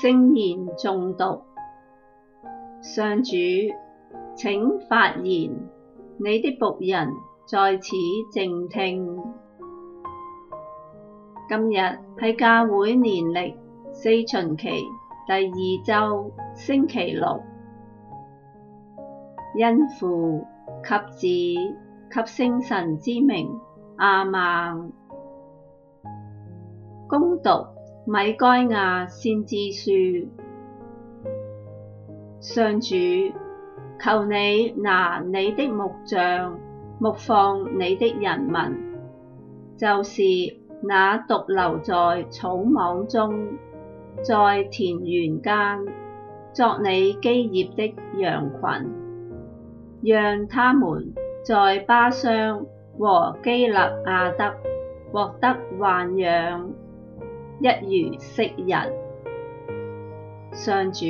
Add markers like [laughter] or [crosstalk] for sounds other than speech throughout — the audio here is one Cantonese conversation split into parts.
聖言誦讀，上主，請發言，你的僕人在此靜聽。今日係教會年曆四旬期第二周星期六，因父及子及聖神之名，阿們。恭讀。米該亞先知書：上主，求你拿你的牧杖，牧放你的人民，就是那獨留在草莽中，在田園間作你基業的羊群，讓他們在巴商和基肋阿得獲得豢養。一如昔日，上主，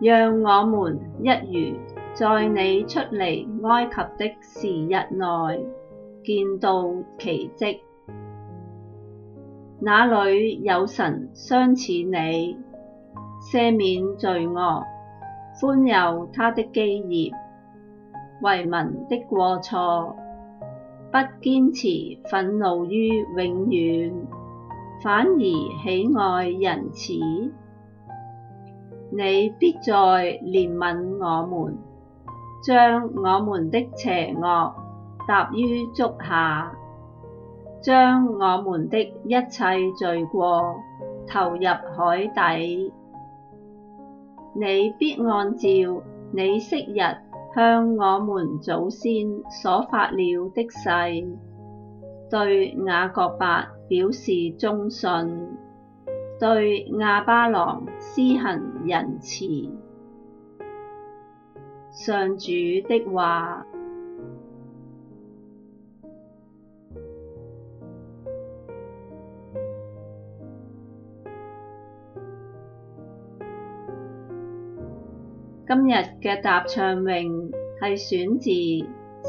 讓我們一如在你出離埃及的時日內，見到奇跡。那裏有神相似你，赦免罪惡，寬宥他的基業，遺民的過錯，不堅持憤怒於永遠。反而喜愛仁慈，你必再憐憫我們，將我們的邪惡踏於足下，將我們的一切罪過投入海底。你必按照你昔日向我們祖先所發了的誓，對雅各伯，表示忠信，對亞巴郎施行仁慈。上主的話。今日嘅答唱詠係選自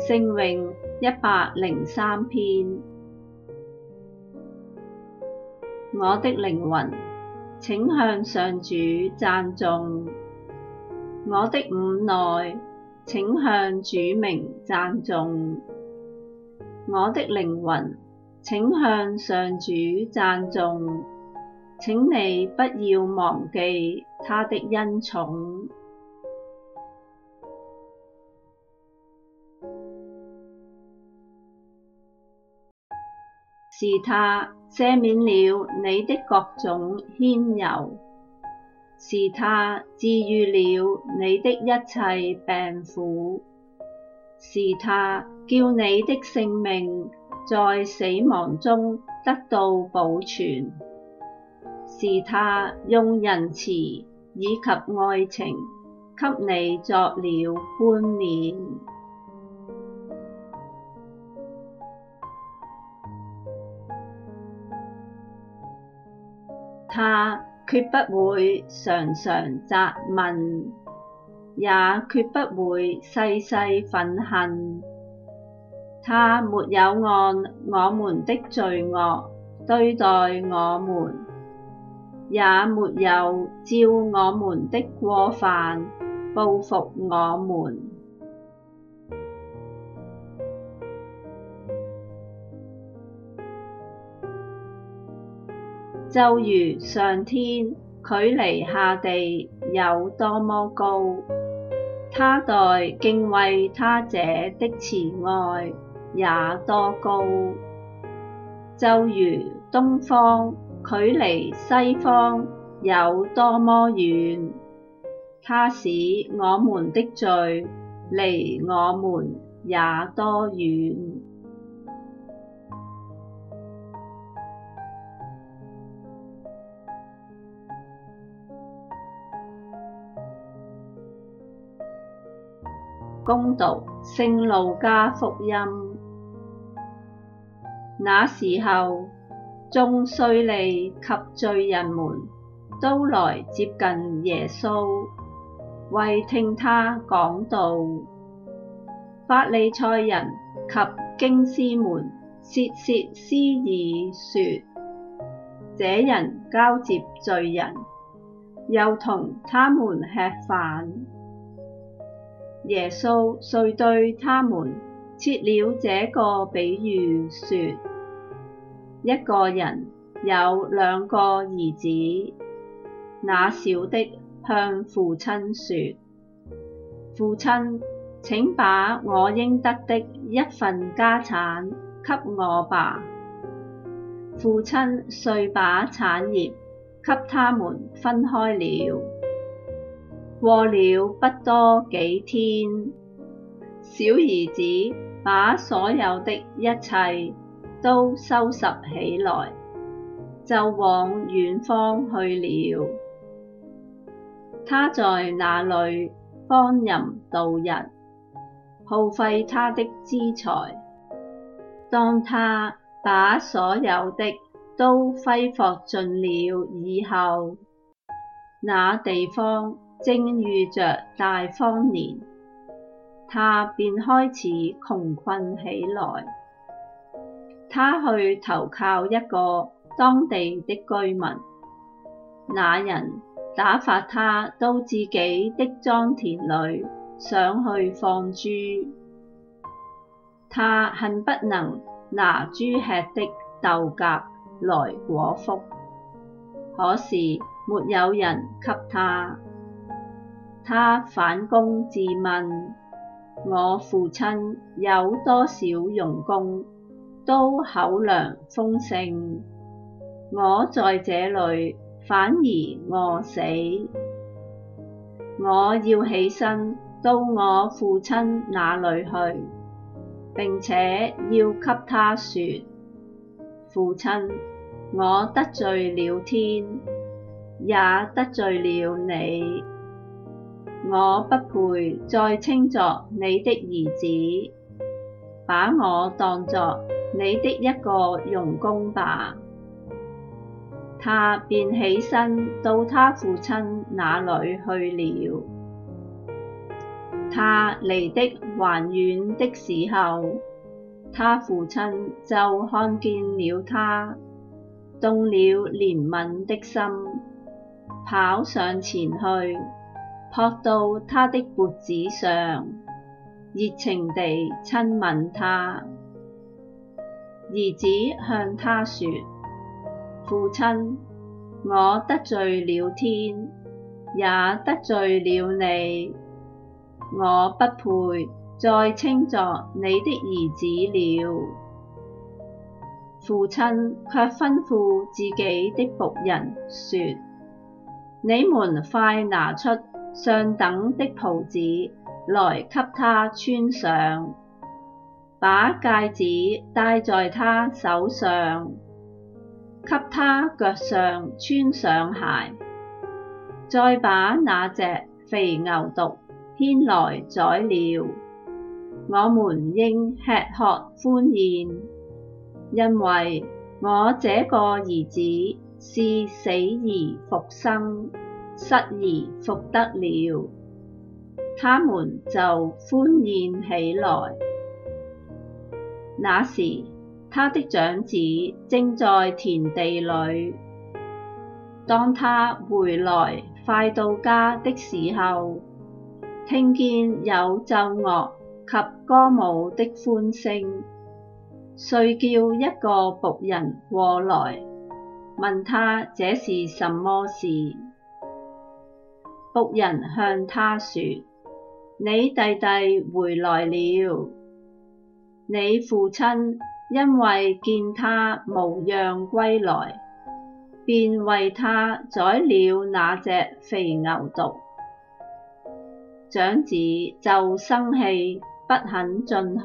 聖詠一百零三篇。我的靈魂，請向上主讚頌，我的五內，請向主名讚頌，我的靈魂，請向上主讚頌，請你不要忘記他的恩寵， [music] 是他赦免了你的各種愆尤，是他治愈了你的一切病苦，是他叫你的性命在死亡中得到保存，是他用仁慈以及愛情給你作了冠冕。他決不會常常責問，也決不會世世憤恨。他沒有按我們的罪惡對待我們，也沒有照我們的過犯報復我們。就如上天距離下地有多麼高，他待敬畏他者的慈愛也多高。就如東方距離西方有多麼遠，他使我們的罪離我們也多遠。恭讀，聖路加福音。那時候，眾稅吏及罪人們都來接近耶穌，為聽他講道。法利賽人及經師們竊竊私議，説：這人交接罪人，又同他們吃飯。耶穌遂對他們設了這個比喻，説：一個人有兩個兒子，那小的向父親説：父親，請把我應得的一份家產給我吧。父親遂把產業給他們分開了。過了不多幾天，小兒子把所有的一切都收拾起來，就往遠方去了。他在那裏荒淫度日，耗費他的資財。當他把所有的都揮霍盡了以後，那地方，正遇着大荒年，他便開始窮困起來。他去投靠一個當地的居民，那人打發他到自己的莊田裏想去放豬。他恨不能拿豬吃的豆莢來果腹，可是沒有人給他。他反躬自問：我父親有多少傭工，都口糧豐盛，我在這裏反而餓死。我要起身到我父親那裏去，並且要給他說：父親，我得罪了天，也得罪了你。我不配再稱作你的兒子，把我當作你的一個傭工吧。他便起身到他父親那裏去了。他離的還遠的時候，他父親就看見了他，動了憐憫的心，跑上前去。撲到他的脖子上，熱情地親吻他。兒子向他說：父親，我得罪了天，也得罪了你，我不配再稱作你的兒子了。父親却吩咐自己的僕人說：你們快拿出。上等的袍子來給他穿上，把戒指戴在他手上，給他腳上穿上鞋，再把那隻肥牛犢牽來宰了，我們應吃喝歡宴，因為我這個兒子是死而復生。失而復得了，他們就歡宴起來。那時，他的長子正在田地裡，當他回來快到家的時候，聽見有奏樂及歌舞的歡聲，遂叫一個僕人過來，問他這是什麼事。僕人向他說：你弟弟回來了，你父親因為見他無恙歸來，便為他宰了那隻肥牛犢。長子就生氣，不肯進去。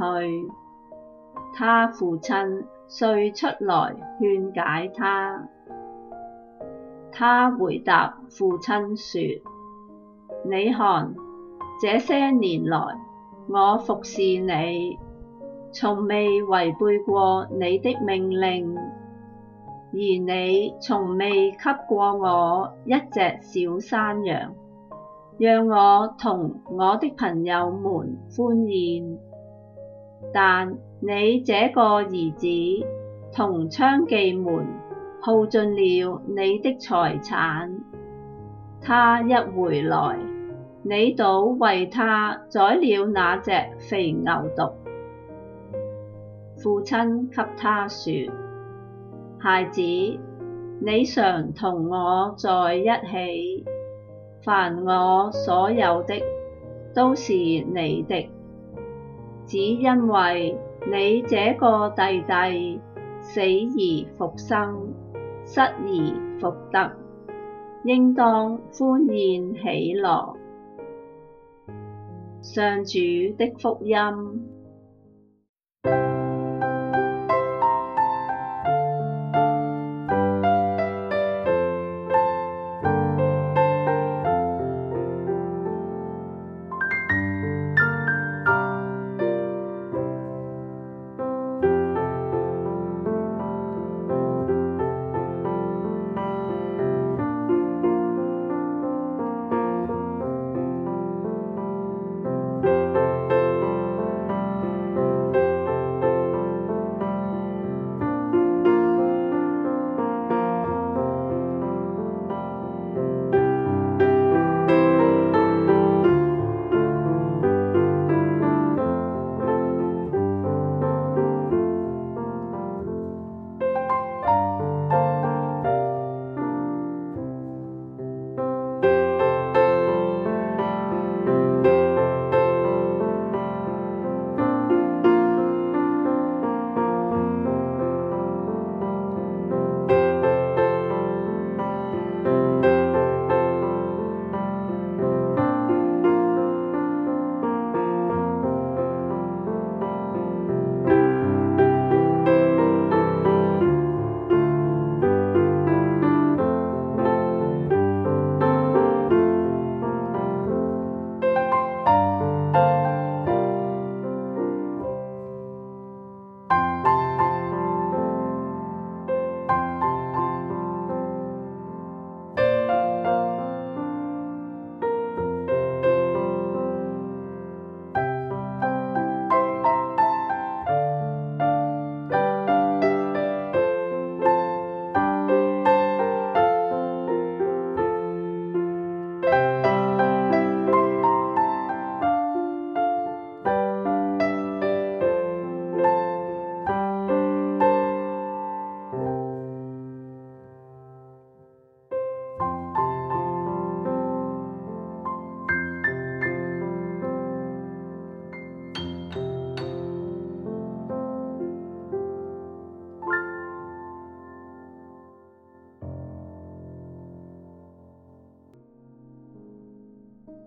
他父親遂出來勸解他，他回答父親說。你看，這些年來，我服侍你，從未違背過你的命令，而你從未給過我一隻小山羊，讓我同我的朋友們歡宴。但你這個兒子同娼妓們耗盡了你的財產，他一回來，你倒為他宰了那隻肥牛犢，父親給他說：孩子，你常同我在一起，凡我所有的都是你的，只因為你這個弟弟死而復生，失而復得，應當歡宴喜樂。上主的福音。